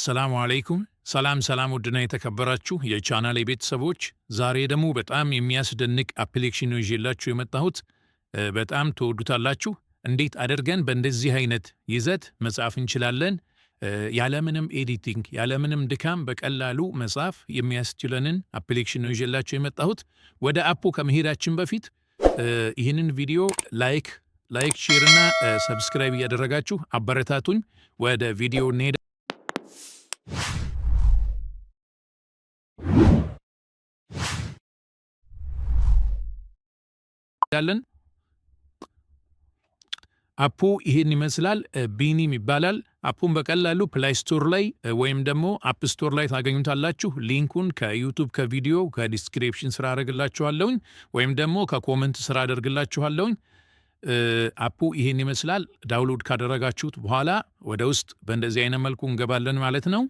አሰላሙ አለይኩም። ሰላም ሰላም፣ ውድና የተከበራችሁ የቻናሌ ቤተሰቦች፣ ዛሬ ደግሞ በጣም የሚያስደንቅ አፕሊኬሽን ይዤላችሁ የመጣሁት በጣም ትወዱታላችሁ። እንዴት አድርገን በእንደዚህ አይነት ይዘት መጻፍ እንችላለን ያለምንም ኤዲቲንግ ያለምንም ድካም በቀላሉ መጻፍ የሚያስችለንን አፕሊኬሽን ነው ይዤላችሁ የመጣሁት። ወደ አፑ ከመሄዳችን በፊት ይህንን ቪዲዮ ላይክ ላይክ ሼርና ሰብስክራይብ እያደረጋችሁ አበረታቱኝ። ወደ ቪዲዮ እንሄዳ ያለን አፑ ይህን ይመስላል። ቢኒም ይባላል። አፑን በቀላሉ ፕላይ ስቶር ላይ ወይም ደግሞ አፕ ስቶር ላይ ታገኙታላችሁ። ሊንኩን ከዩቱብ ከቪዲዮ ከዲስክሪፕሽን ስራ አደርግላችኋለሁኝ ወይም ደግሞ ከኮመንት ስራ አደርግላችኋለሁኝ። አፑ ይህን ይመስላል። ዳውንሎድ ካደረጋችሁት በኋላ ወደ ውስጥ በእንደዚህ አይነት መልኩ እንገባለን ማለት ነው።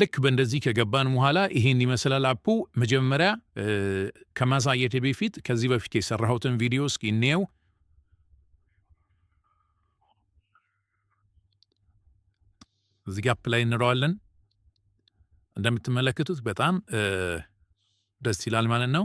ልክ በእንደዚህ ከገባን በኋላ ይሄን ይመስላል አፑ። መጀመሪያ ከማሳየት በፊት ከዚህ በፊት የሰራሁትን ቪዲዮ እስኪ እንየው። እዚህ ጋፕ ላይ እንለዋለን። እንደምትመለከቱት በጣም ደስ ይላል ማለት ነው።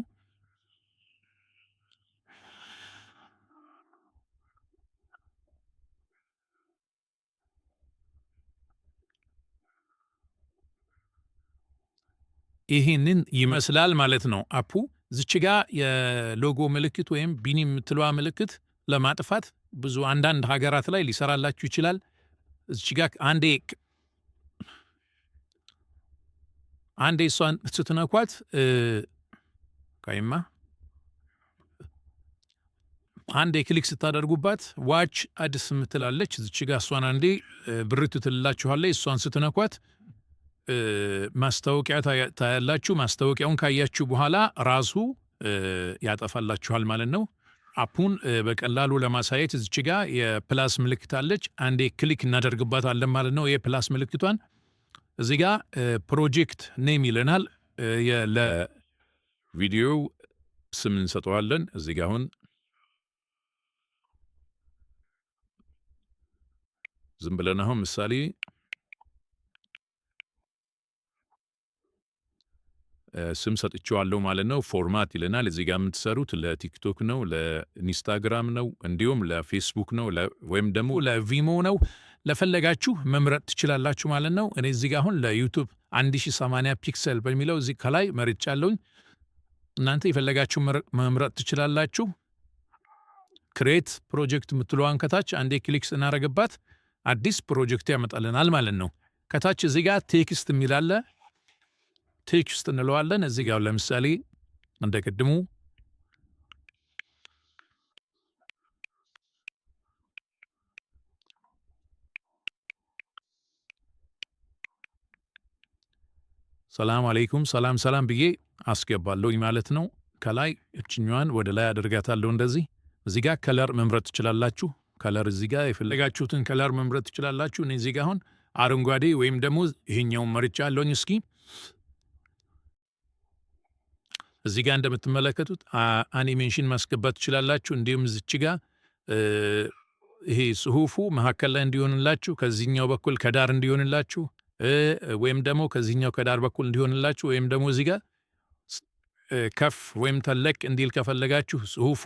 ይህንን ይመስላል ማለት ነው። አፑ ዝች ጋ የሎጎ ምልክት ወይም ቢኒ የምትለዋ ምልክት ለማጥፋት ብዙ አንዳንድ ሀገራት ላይ ሊሰራላችሁ ይችላል። እዚች ጋ አንዴ አንዴ እሷን ስትነኳት ካይማ አንዴ ክሊክ ስታደርጉባት ዋች አድስ ምትላለች። እዚች ጋ እሷን አንዴ ብርቱ ትልላችኋለች። እሷን ስትነኳት ማስታወቂያ ታያላችሁ። ማስታወቂያውን ካያችሁ በኋላ ራሱ ያጠፋላችኋል ማለት ነው። አፑን በቀላሉ ለማሳየት እዚች ጋ የፕላስ ምልክት አለች። አንዴ ክሊክ እናደርግባታለን ማለት ነው። የፕላስ ምልክቷን እዚ ጋ ፕሮጀክት ኔም ይለናል። ለቪዲዮ ስም እንሰጠዋለን። እዚ ጋ አሁን ዝም ብለን አሁን ምሳሌ ስም ሰጥቼዋለሁ ማለት ነው። ፎርማት ይለናል። እዚህ ጋር የምትሰሩት ለቲክቶክ ነው፣ ለኢንስታግራም ነው፣ እንዲሁም ለፌስቡክ ነው ወይም ደግሞ ለቪሞ ነው። ለፈለጋችሁ መምረጥ ትችላላችሁ ማለት ነው። እኔ እዚህ ጋር አሁን ለዩቱብ 1080 ፒክሰል በሚለው እዚህ ከላይ መርጫለሁኝ። እናንተ የፈለጋችሁ መምረጥ ትችላላችሁ። ክሬት ፕሮጀክት የምትለዋን ከታች አንዴ ክሊክ ስናረግባት አዲስ ፕሮጀክት ያመጣልናል ማለት ነው። ከታች እዚህ ጋር ቴክስት የሚላለ ቴክስት እንለዋለን። እዚህ ጋር ለምሳሌ እንደ ቅድሙ ሰላም አለይኩም ሰላም ሰላም ብዬ አስገባለሁኝ ማለት ነው። ከላይ እችኛዋን ወደ ላይ አደርጋታለሁ እንደዚህ። እዚህ ጋር ከለር መምረጥ ትችላላችሁ። ከለር እዚህ ጋር የፈለጋችሁትን ከለር መምረጥ ትችላላችሁ። እኔ እዚህ ጋር አሁን አረንጓዴ ወይም ደግሞ ይሄኛውን መርጫ አለውኝ። እስኪ እዚህ ጋር እንደምትመለከቱት አኒሜሽን ማስገባት ትችላላችሁ። እንዲሁም ዝች ጋ ይሄ ጽሁፉ መካከል ላይ እንዲሆንላችሁ፣ ከዚህኛው በኩል ከዳር እንዲሆንላችሁ፣ ወይም ደግሞ ከዚህኛው ከዳር በኩል እንዲሆንላችሁ፣ ወይም ደግሞ እዚህ ጋ ከፍ ወይም ተለቅ እንዲል ከፈለጋችሁ ጽሁፉ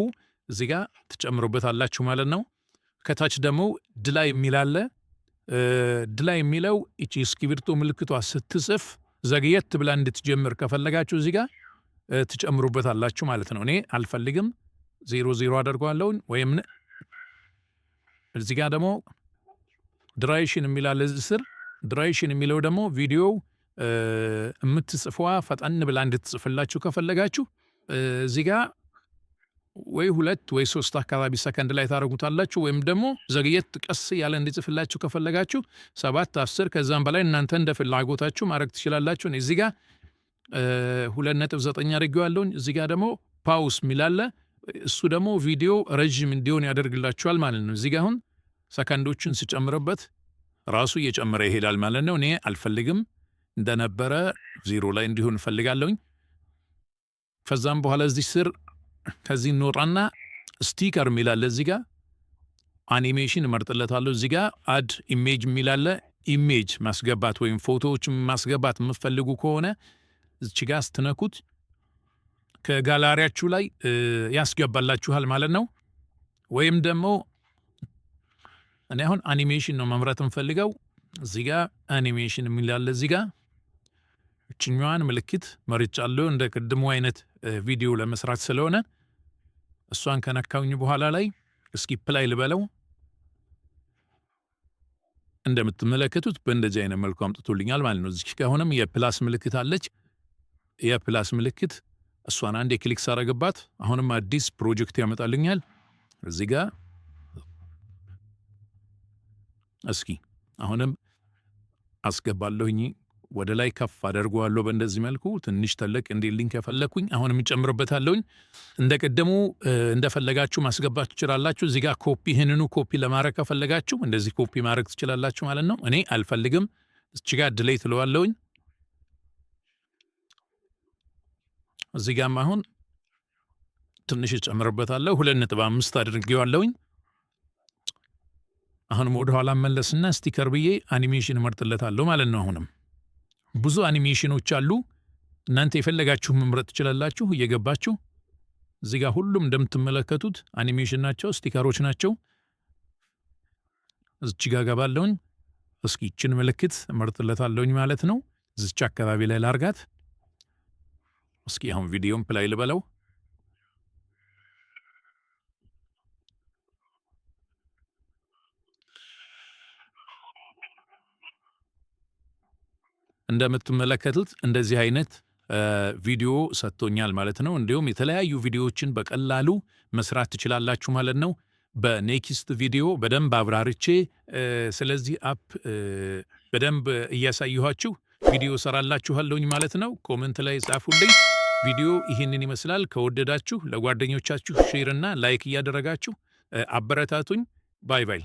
እዚህ ጋር ትጨምሩበታላችሁ ማለት ነው። ከታች ደግሞ ድላይ የሚላለ ድላ የሚለው እቺ እስክሪብቶ ምልክቷ ስትጽፍ ዘግየት ብላ እንድትጀምር ከፈለጋችሁ እዚህ ጋር ትጨምሩበት አላችሁ ማለት ነው። እኔ አልፈልግም ዜሮ ዜሮ አደርገዋለሁኝ ወይም እዚህ ጋር ደግሞ ድራይሽን የሚላል እዚህ ስር ድራይሽን የሚለው ደግሞ ቪዲዮ የምትጽፏ ፈጠን ብላ እንድትጽፍላችሁ ከፈለጋችሁ እዚህ ጋ ወይ ሁለት ወይ ሶስት አካባቢ ሰከንድ ላይ ታደርጉታላችሁ። ወይም ደግሞ ዘግየት ቀስ ያለ እንዲጽፍላችሁ ከፈለጋችሁ ሰባት አስር ከዛም በላይ እናንተ እንደ ፍላጎታችሁ ማድረግ ትችላላችሁ። እዚህ ጋር ሁለት ነጥብ ዘጠኝ አድርጌዋለሁኝ። እዚህ ጋር ደግሞ ፓውስ ሚላለ እሱ ደግሞ ቪዲዮ ረዥም እንዲሆን ያደርግላችኋል ማለት ነው። እዚህ ጋር አሁን ሰከንዶችን ስጨምርበት ራሱ እየጨመረ ይሄዳል ማለት ነው። እኔ አልፈልግም እንደነበረ ዜሮ ላይ እንዲሆን እፈልጋለሁኝ። ከዛም በኋላ እዚህ ስር ከዚህ እንወጣና ስቲከር የሚላለ እዚህ ጋ አኒሜሽን እመርጥለታለሁ። እዚህ ጋ አድ ኢሜጅ የሚላለ ኢሜጅ ማስገባት ወይም ፎቶዎችን ማስገባት የምፈልጉ ከሆነ እዚች ስትነኩት ከጋላሪያችሁ ላይ ያስገባላችኋል ማለት ነው። ወይም ደግሞ እኔ አሁን አኒሜሽን ነው መምረት የምፈልገው። እዚህ ጋ አኒሜሽን የሚላለ እዚህ ጋ እችኛዋን ምልክት መርጫለሁ እንደ ቅድሙ አይነት ቪዲዮ ለመስራት ስለሆነ እሷን ከነካውኝ በኋላ ላይ ስኪፕ ላይ ልበለው። እንደምትመለከቱት በእንደዚህ አይነት መልኩ አምጥቶልኛል ማለት ነው። እዚህ ከሆነም የፕላስ ምልክት አለች። የፕላስ ምልክት እሷን አንድ የክሊክ ሳረግባት አሁንም አዲስ ፕሮጀክት ያመጣልኛል። እዚ ጋ እስኪ አሁንም አስገባለሁኝ ወደ ላይ ከፍ አደርገዋለሁ። በእንደዚህ መልኩ ትንሽ ተለቅ እንዲልኝ ከፈለግኩኝ አሁንም እጨምርበታለሁኝ። እንደ ቀደሙ እንደፈለጋችሁ ማስገባት ትችላላችሁ። እዚህ ጋር ኮፒ ህንኑ ኮፒ ለማድረግ ከፈለጋችሁ እንደዚህ ኮፒ ማድረግ ትችላላችሁ ማለት ነው። እኔ አልፈልግም። እችጋ ጋር ድሌይ እዚህ ጋም አሁን ትንሽ እጨምርበታለሁ። ሁለት ነጥብ አምስት አድርጌዋለሁኝ። አሁንም ወደኋላ መለስና ስቲከር ብዬ አኒሜሽን እመርጥለታለሁ ማለት ነው። አሁንም ብዙ አኒሜሽኖች አሉ። እናንተ የፈለጋችሁ መምረጥ ትችላላችሁ እየገባችሁ እዚህ ጋር ሁሉም እንደምትመለከቱት አኒሜሽን ናቸው፣ ስቲከሮች ናቸው። እዚች ጋ ገባለውኝ። እስኪ ይችን ምልክት እመርጥለታለሁኝ ማለት ነው። እዚች አካባቢ ላይ ላርጋት። እስኪ አሁን ቪዲዮን ፕላይ ልበለው። እንደምትመለከቱት እንደዚህ አይነት ቪዲዮ ሰጥቶኛል ማለት ነው። እንዲሁም የተለያዩ ቪዲዮዎችን በቀላሉ መስራት ትችላላችሁ ማለት ነው። በኔክስት ቪዲዮ በደንብ አብራርቼ ስለዚህ አፕ በደንብ እያሳየኋችሁ ቪዲዮ ሰራላችኋለሁኝ ማለት ነው። ኮመንት ላይ ጻፉልኝ። ቪዲዮ ይህንን ይመስላል። ከወደዳችሁ ለጓደኞቻችሁ ሼርና ላይክ እያደረጋችሁ አበረታቱኝ። ባይ ባይ።